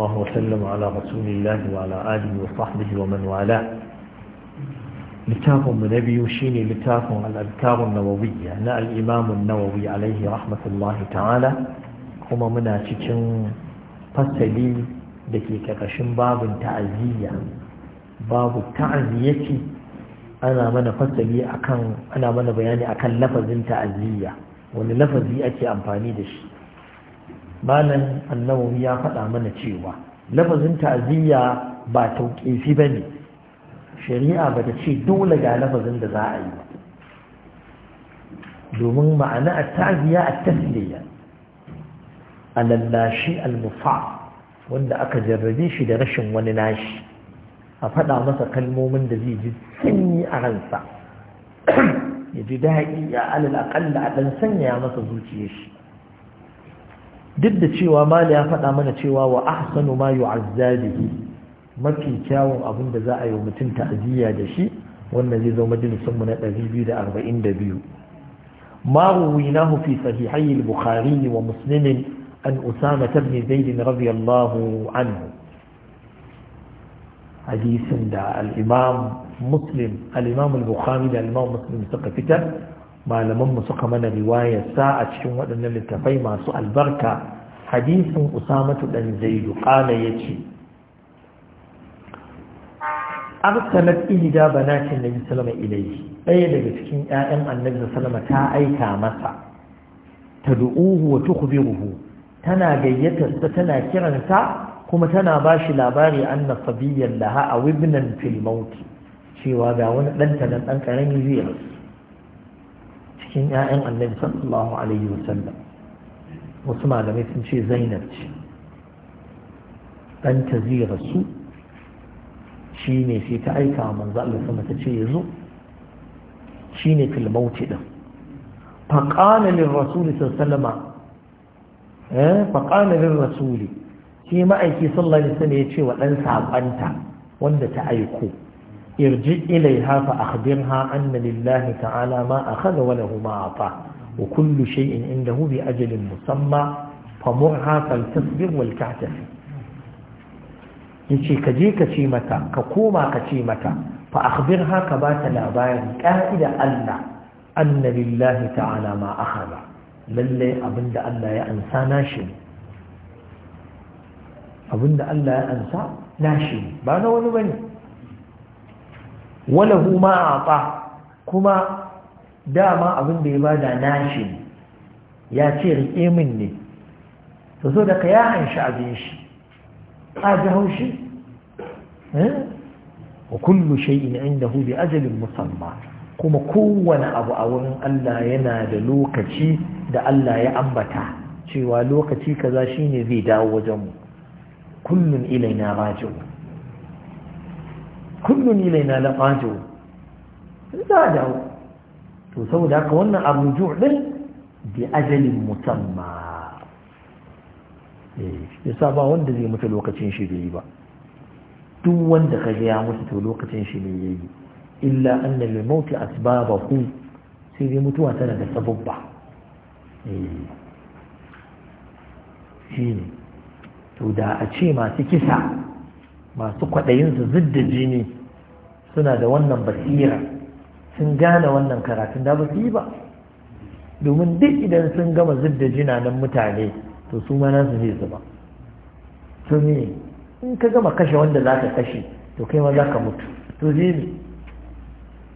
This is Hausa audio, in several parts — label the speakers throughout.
Speaker 1: الله وسلم على رسول الله وعلى آله وصحبه ومن والاه لتاف نبي شين لتاف الأذكار النووية نا الإمام النووي عليه رحمة الله تعالى كما منا تشن فسلي دكيكا كشن باب تعزية باب التعزية أنا من فسلي أكن أنا من بياني أكن لفظ تعزية wani lafazi ake amfani da shi malam annawawi ya faɗa mana cewa lafazin ta'aziyya ba tauƙifi ba ne shari'a ba ta ce dole ga lafazin da za a yi ba domin ma'ana a ta'aziyya a tasliya a lallashi almufa wanda aka jarrabe shi da rashin wani nashi a faɗa masa kalmomin da zai ji sanyi a ransa ya ji daɗi a alal aƙalla a ɗan sanya masa zuciyar shi duk da cewa mali ya faɗa mana cewa wa ahsanu ma yu'azza bihi mafi kyawun abin da za a yi mutum ta'aziyya da shi wannan zai zo majalisun mu na 242 ma ruwinahu fi sahihai al-bukhari wa muslim an usama ibn zaid radiyallahu anhu hadisin da al-imam muslim al-imam al-bukhari da al-imam muslim suka fitar malamanmu suka mana riwayar sa a cikin waɗannan littafai masu albarka hadisin usamatu ɗan zaidu ƙala ya ce arsalat ihda banatin nabi sallama ilayhi ɗaya daga cikin ƴaƴan annabi sallama ta aika masa tad'uhu wa tukhbiruhu tana gayyatar ta tana kiransa kuma tana bashi labari anna sabiyyan laha a wibnan fil cewa ga wani ɗanta na ɗan ƙarami zai rasu cikin 'ya'yan annabi sallallahu alaihi wasallam wasu malamai sun ce zainab ce ɗanta zai rasu shi ne sai ta aika wa manzo Allah sama ta ce ya zo shi ne filmauti ɗin faƙana lil rasuli sallama eh, faƙana lil rasuli shi ma'aiki sallallahu alaihi wasallam ya ce wa ɗan saƙonta wanda ta aiko irji ilaiha fa akhbirha anna lillahi ta'ala ma akhadha wa lahu ma ata in kullu hubi indahu bi musamma fa mu'ha fal tasbir wal ka'tif yace ka je ka mata ka koma ka mata fa akhbirha ka ba ta labarin ka'ida Allah anna lillahi ta'ala ma Lallai abinda Allah ya ansa nashi abinda Allah ya ansa nashi ba na wani bane wala huma a kuma dama abin da ya bada nashi ya ce rike min ne to so ya hanshi abin shi a ji haushi eh? wa kullu shay'in inda bi ajalin musamma kuma kowane abu a wurin Allah yana da lokaci da Allah ya ambata cewa lokaci kaza shine zai dawo wajen kullum kullun ilaina raji'un kullun ilaina laqaju za a dawo to saboda haka wannan arruju ɗin bi ajalin musamma eh, ya yasa ba wanda zai mutu lokacin shi bai ba duk wanda ka gaya ya to lokacin shi ne yayi illa anna lil mauti ku sai dai mutuwa tana da sababba eh, shi to da a ce masu kisa masu kwaɗayinsu zidda jini suna da wannan basira sun gane wannan karatun da ba su yi ba domin duk idan sun gama zidda nan mutane to su ma nasu zai zuba to ne in ka gama kashe wanda za ka kashe to kai ma za ka mutu to zai ne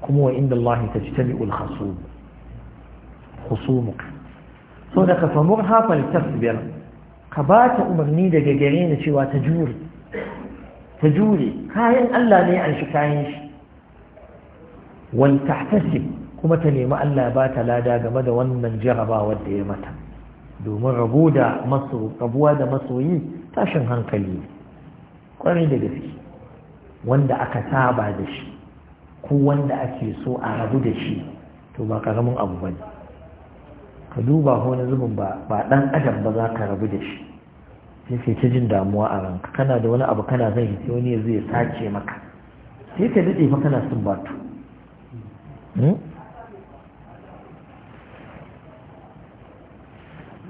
Speaker 1: kuma wa inda Allah ta ci ta mi'ul husumu so da ka famur hafa ka ba ta umarni daga gare ni cewa ta jure ta jure kayan Allah ne an shi kayan shi wal kuma ta nemi Allah ba ta lada game da wannan jarabawar da ya mata domin rabu da maso rabuwa da masoyi tashin hankali kwarai da gaske wanda aka saba da shi ko wanda ake so a rabu da shi to ba karamin abu bane ka duba ko na zubin ba ba dan adam ba za ka rabu da shi sai kai ta jin damuwa a ranka kana da wani abu kana zan sai wani zai sace maka sai ka dade fa kana son batu hmm?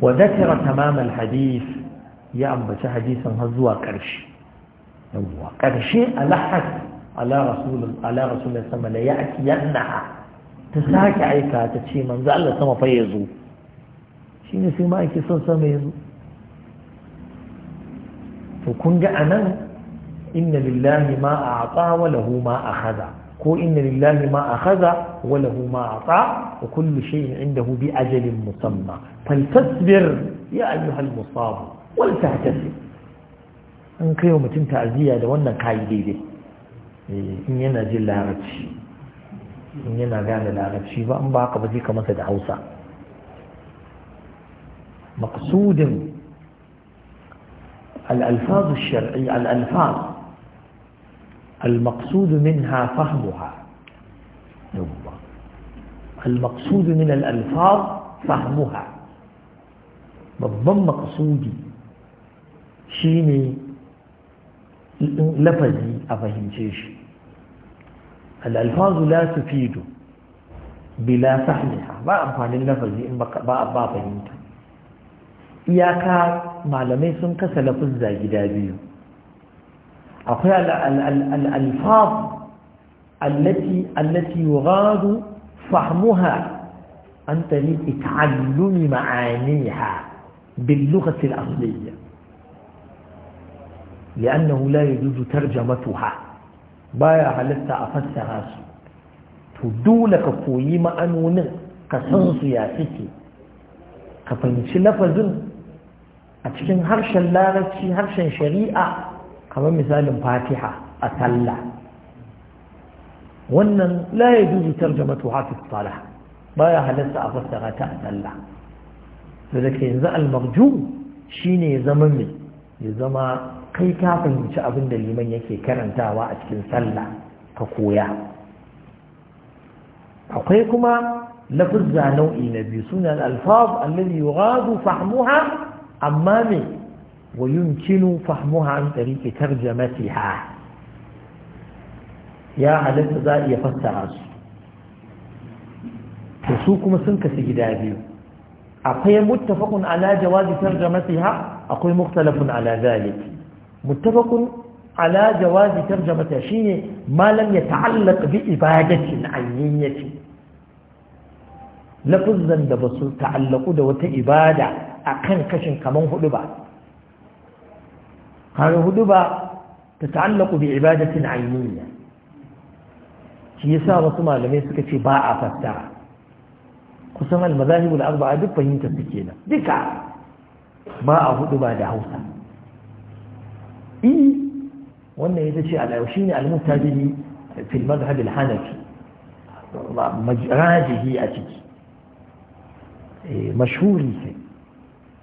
Speaker 1: wa zakara tamam alhadith ya ambaci hadisin har zuwa ƙarshe yawwa ƙarshe alhas ala rasul ala rasul sama la ya'ti yannaha ta sake aika ta ce manzo Allah sama fa yazo shine sai ma ake son sama yazo to kun ga anan inna lillahi ma a'ata wa lahu ma akhadha ko inna lillahi ma akhadha wa lahu ma a'ata wa kullu shay'in indahu bi ajalin musamma tasbir ya ayyuhal musab wal tahtasib an kai wa mutum ta'aziyya da wannan kayi daidai eh, in yana jin larabci in yana gane larabci ba an ba ka ba zai ka masa da hausa maksudin الألفاظ الشرعية الألفاظ المقصود منها فهمها المقصود من الألفاظ فهمها بالضم مقصودي شيني لفظي أفهم شيش الألفاظ لا تفيد بلا فهمها ما أفهم اللفظي إن بقى بقى بقى malamai sun kasa lafuzza gida biyu akwai al'alfaf allati allati yughadu fahmuha an tariqi ta'allumi ma'aniha bil lughati al asliyya لأنه لا يجوز ترجمتها baya halitta a fassara su to dole ka koyi ma'anonin ka san su ya suke ka fahimci lafazin a cikin harshen larabci harshen shari'a kamar misalin fatiha a sallah wannan la ya juzu tarjamatu hafiz salah baya halatta a fassara ta a sallah to da ke yanzu almarju shine ya zama mai ya zama kai ka fahimci abin da liman yake karantawa a cikin sallah ka koya akwai kuma lafuzza nau'i na biyu sunan alfaz allazi yughadu fahmuha amma me wa yumkinu fahmuha an tariqi tarjamatiha ya halatta za a iya fassara su to su kuma sun kasu gida biyu akwai muttafaqun ala jawazi tarjamatiha akwai mukhtalafun ala zalik muttafaqun ala jawazi tarjamatiha shine ma lam yata'allaq bi ibadatin ayyinyati lafuzan da basu ta'allaku da wata ibada a kan kashin kamar hudu ba kare hudu ba ta ta'allaku bi ibadatin ainiya shi yasa wasu malamai suka ce ba a fassara kusan almazahibul arba'a duk fahimta su kenan duka ba a hudu ba da hausa E, wannan ita ce al'ayyau shi ne al filmar fil hanafi rajihi a ciki eh, mashhuri sai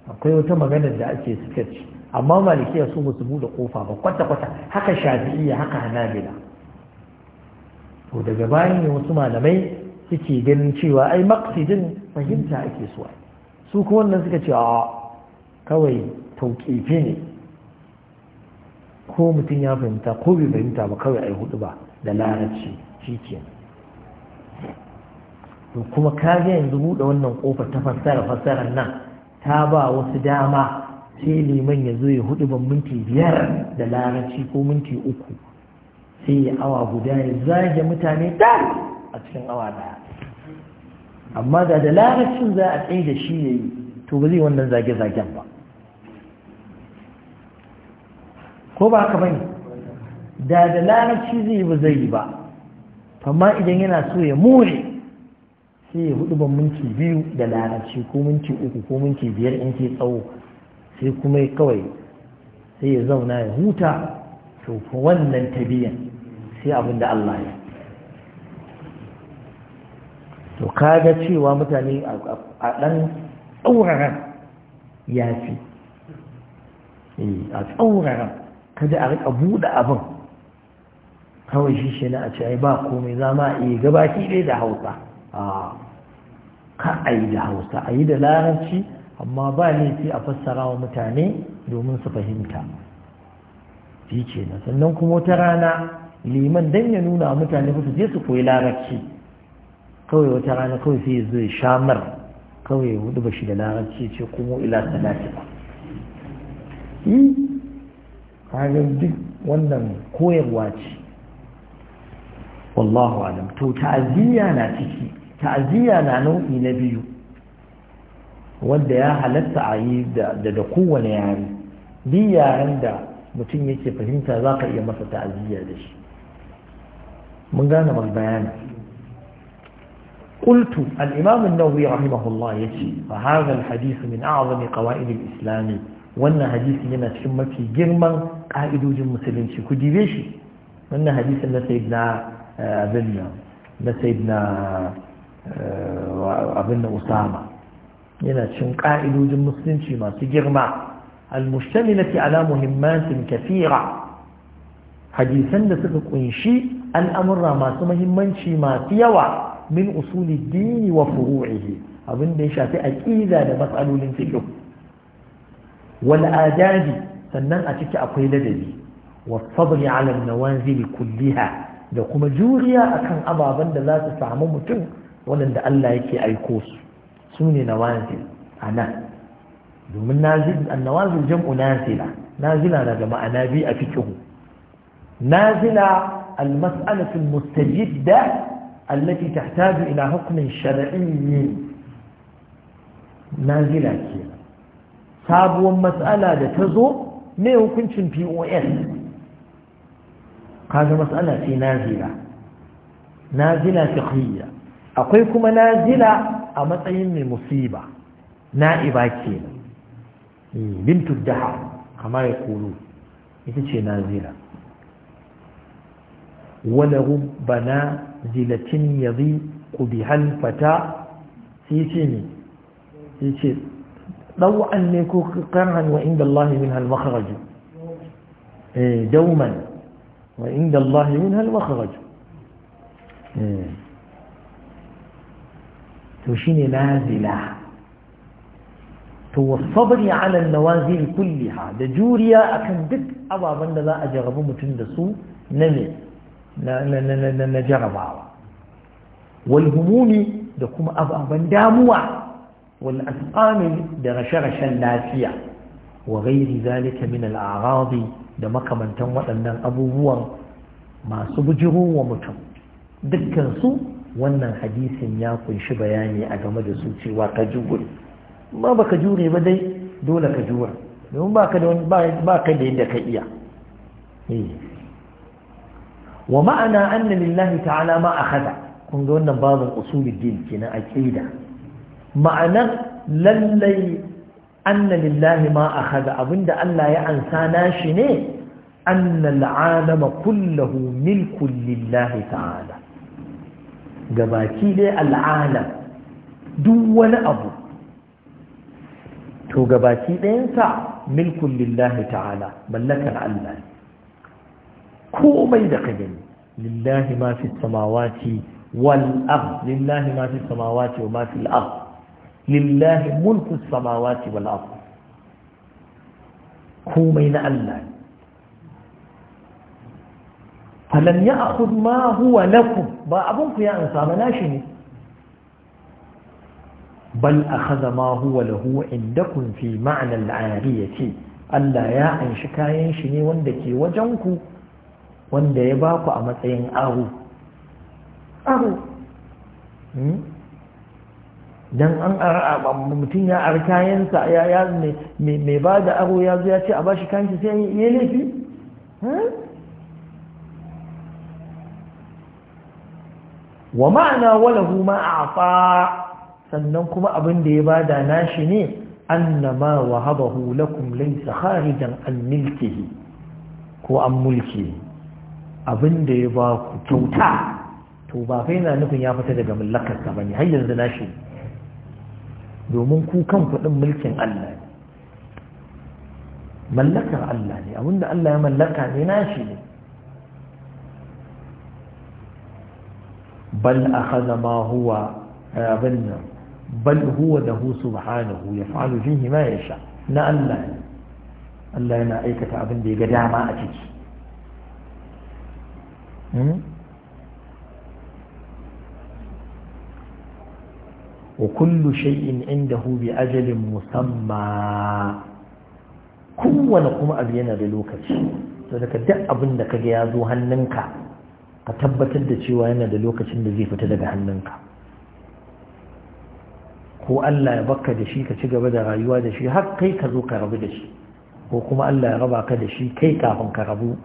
Speaker 1: akwai wata magana da ake suka ci amma malikiya su ba su buɗe kofa ba kwata-kwata haka shafi'iyya haka hanabila to daga bayan ne wasu malamai suke ganin cewa ai maksidin fahimta ake so su kuma wannan suka ce a kawai tauƙefe ne ko mutum ya fahimta ko bai fahimta ba kawai ai hudu ba da larabci shi ke kuma ka ga yanzu buɗe wannan kofar ta fassara fassarar nan ta ba wasu dama sai liman ya zo ya hudu ban minti biyar da larabci ko minti uku sai ya awa guda ya zage mutane da a cikin awa daya amma da da larabcin za a tsaye da shi ya yi to ba zai wannan zage-zagen ba ko ba haka bane da da larabci zai ba zai yi ba amma idan yana so ya more sai ya hudu ban minti biyu da larabci ko minti uku ko minti biyar in ke tsawo sai kuma kawai sai ya zauna ya huta to wannan tabiyan sai abin da Allah ya to kaga cewa mutane a ɗan tsauraran ya fi eh, a tsauraran kada a rika buɗe abin kawai shi shi na a ce ai ba komai zama ma iya gabaki ɗaya da hausa ka a yi da hausa a yi da larabci amma ba laifi a fassara wa mutane domin su fahimta shi ke sannan kuma wata rana liman dan ya nuna wa mutane su je su koyi larabci kawai wata rana kawai sai ya zai shamar kawai ya hudu ba shi da larabci ce kuma ila salati ba kayan duk wannan koyarwa ce wallahu alam to ta'aziyya na ciki ta'aziyya na nau'i na biyu wanda ya halatta a yi da kowane yare duk yaren da mutum yake fahimta za ka iya masa ta'aziyya da shi mun gane mai bayani qultu al-imam an-nawawi rahimahullah yace fa hadha al-hadith min a'zami qawaid al wannan hadisin yana cikin mafi girman ka'idojin musulunci ku dibe shi wannan hadisin na sayyidina eh, abinna abin usama yana cin ƙa'idojin musulunci masu girma al-mushtamilati ala muhimmancin kafira hadisan da suka kunshi al'amurra masu mahimmanci masu yawa min usuli dini wa furu'ihi abin da ya shafi aƙida da matsalolin fiƙi wal adadi sannan a ciki akwai ladabi wa sabri ala nawazili kulliha da kuma juriya akan ababen da za su samu mutum waɗanda Allah yake aiko su su ne na nawazil a nan domin na annawazil jam'u nazila nazila na da ma'ana biyu a fikihu nazila المسألة المستجدة التي تحتاج إلى حكم شرعي نازلة ke sabuwar matsala da ta zo ne hukuncin pos kaga matsala ce nazila nazila fiqhiyya akwai kuma nazila a matsayin mai musiba na'iba ke eh, bintu daha kama ya kulu ita ce nazila wala rubbana zilatin yadhi qubihal fata si ce ne sai ce ɗau'an ne ko karhan wa inda Allah min hal makharaju eh, dauman wa inda Allah min hal makharaju eh. to shine nazila to wasabri ala an-nawazil kulliha da juriya akan duk ababan da za a jarabi mutum da su na me na jarabawa wal humumi da kuma ababan damuwa wal asqami da rashe-rashen lafiya wa ghairi zalika min al da makamantan waɗannan abubuwan masu bujiro wa mutum dukkan su wannan hadisin ya kunshi bayani a game da su cewa ka jure ba ka jure ba dai dole ka jura, domin ba ka da yadda ka iya eh. wa ma'ana anna lillahi ta'ala ma akhadha kun ga wannan babin usuluddin kenan aƙida ma'anar lallai anna lillahi ma akhadha abinda Allah ya ansa nashi ne anna al'alama kullahu milkun lillahi ta'ala gabaki dai al'alam duk wani abu to gabaki ɗayansa milkun lillahi ta'ala mallakar Allah komai da ka gani lillahi ma fi samawati wal ard lillahi ma fi samawati wa ma fi al lillahi mulku samawati wal komai na Allah falam ya akud ma huwa lakum ba abin ku ya ansa ba nashi ne bal akhadha ma huwa lahu indakum fi ma'na al-ariyati Allah ya anshi kayan shi ne wanda ke wajen ku wanda ya baku a matsayin aro aro dan an mutum ya ar kayansa ya mai ba da aro ya zo ya ce a bashi kayan sai ya laifi wa ma'ana walahu ma a'fa sannan kuma abin da ya bada nashi ne annama wahabahu lakum laysa kharijan an milkihi ko an mulki abin da ya ba ku kyauta to ba kai na nufin ya fita daga mallakarsa bane har yanzu nashi domin ku kan kuɗin mulkin Allah ne mallakar Allah ne abinda Allah ya mallaka ne nashi ne بل أخذ ما هو أبنى بل هو له سبحانه يفعل فيه ما يشاء لا الله الله ينا أيكة أبن دي قدع ما أتيك وكل شيء عنده بأجل مسمى كون kuma abu yana da lokaci to daga duk abin da kage ya zo hannunka ka tabbatar da cewa yana da lokacin da zai fita daga hannunka ko Allah ya baka da shi ka ci gaba da rayuwa da shi har kai ka zo ka rabu da shi ko kuma Allah ya raba ka da shi kai kafin ka rabu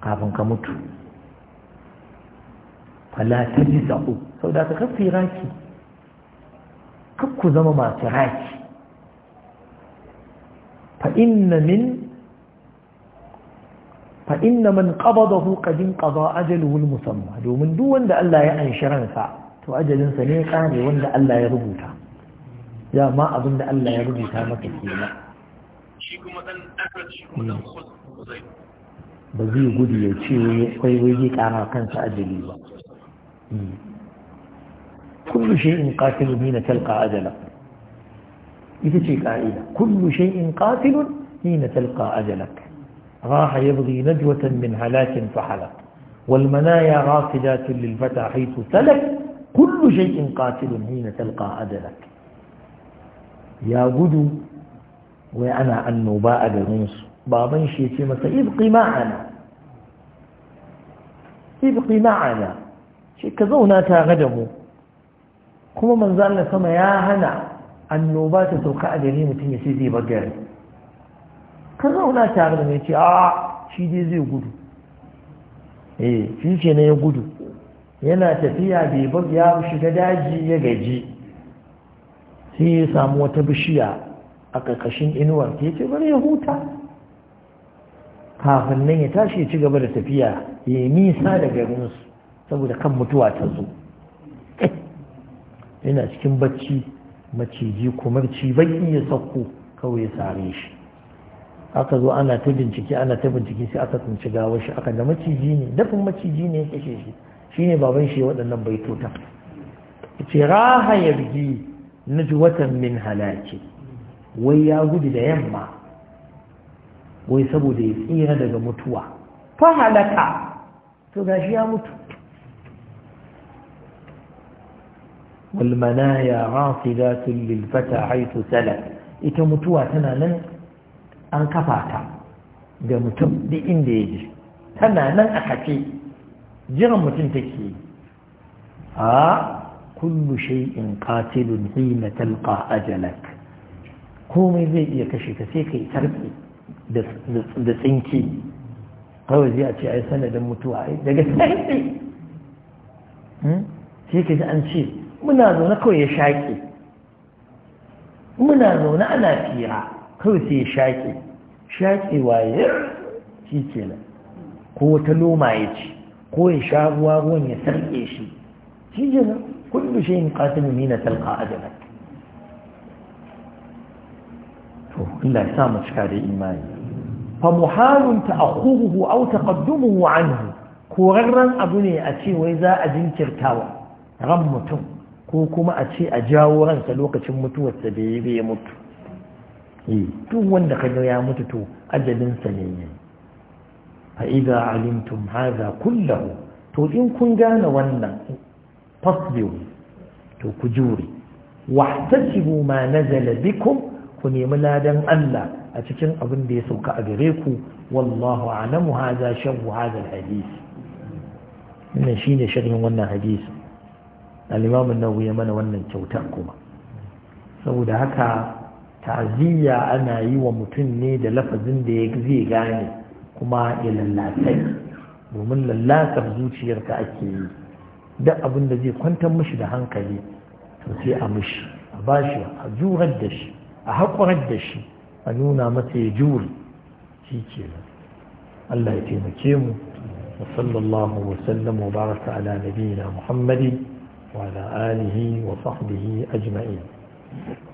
Speaker 1: kafin ka mutu fala tajza'u saboda ka kafi raki kakku zama masu raki fa inna min fa inna man qabadahu qad inqada ajaluhu al-musamma domin duk wanda Allah ya anshi ransa to ajalin sa ne kare wanda Allah ya rubuta ya ma abin da Allah ya rubuta maka kenan shi kuma dan shi kuma ba zai gudu ya ce wai wai zai kara kansa ajali ba hmm. kullu shay'in qatilun hina talqa ajala ita ce ka'ida kullu shay'in qatilun hina talqa ajalak راح يبغي نجوة من هلاك فحلق والمنايا غافلات للفتى حيث سلك كل شيء قاتل حين تلقى أدلك يا قدو وأنا النباء جنوس بابن شيتي مسا ابقي معنا ابقي معنا شيء كذونا تاغدمو كما من mu سما يا هنا sama ya hana annoba ta sauka a ka zauna tare da mai ce a shi dai zai gudu eh shi ce na ya gudu yana tafiya bai bar ya shiga daji ya gaji sai ya samu wata bishiya a ƙarƙashin inuwar ke ce bari ya huta kafin nan ya tashi ya ci gaba da tafiya ya yi nisa da garinsu saboda kan mutuwa ta zo yana cikin bacci maciji kumarci bai iya sauko kawai ya sare shi aka zo ana ta bincike ana ta bincike sai aka tsinci gawar shi aka da maciji ne dafin maciji ne ya kashe shi ne baban shi waɗannan baitota ce raha yargi watan min halaki wai ya gudu da yamma wai saboda ya tsira daga mutuwa fa halaka to gashi ya mutu والمنايا عاصدات للفتى حيث سلك ita mutuwa tana nan an kafa ta ga mutum duk inda ya ji tana nan a kace jiran mutum take yi a kullu shay'in qatilun hina talqa ajalak komai zai iya kashe ka sai kai tarbi da tsinki kawai zai a ce a yi sanadin mutuwa ai daga tsinki hmm? sai ka ji an ce muna zaune kawai ya shaƙe. muna zaune ana fira kawai sai ya shaƙe shaƙewa ya ci kenan ko wata loma ya ci ko ya sha ruwa ruwan ya sarƙe shi shi kenan kullu shayin qatilu ni na talqa ajala to Allah ya sa mu cika da imani fa muhalun ta'akhuruhu aw taqaddumuhu anhu korarren abu ne a ce wai za a jinkirtawa ran mutum ko kuma a ce a jawo ransa lokacin mutuwarsa bai bai mutu Eh. duk wanda ka ya mutu to ajalinsa ne yi. A idza alimtum haza kullahu to in kun gane wannan fasbiru to ku jure wahtasibu ma nazala bikum ku nemi ladan Allah a cikin abin da ya sauka a gare ku wallahu a'lamu haza shabu hadha alhadith wannan shine sharhin wannan hadisi al-imam an-nawawi ya mana wannan kyauta kuma saboda haka ta'aziyya ana yi wa mutum ne da lafazin da ya zai gane kuma ya lallatai domin lallatar zuciyarka ake yi duk abin da zai kwantar mishi da hankali to sai a mishi a bashi a jurar da shi a haƙurar da shi a nuna masa ya juri shi ke Allah ya taimake mu wa sallallahu wa sallam wa baraka ala nabiyina Muhammadi wa ala alihi wa sahbihi ajma'in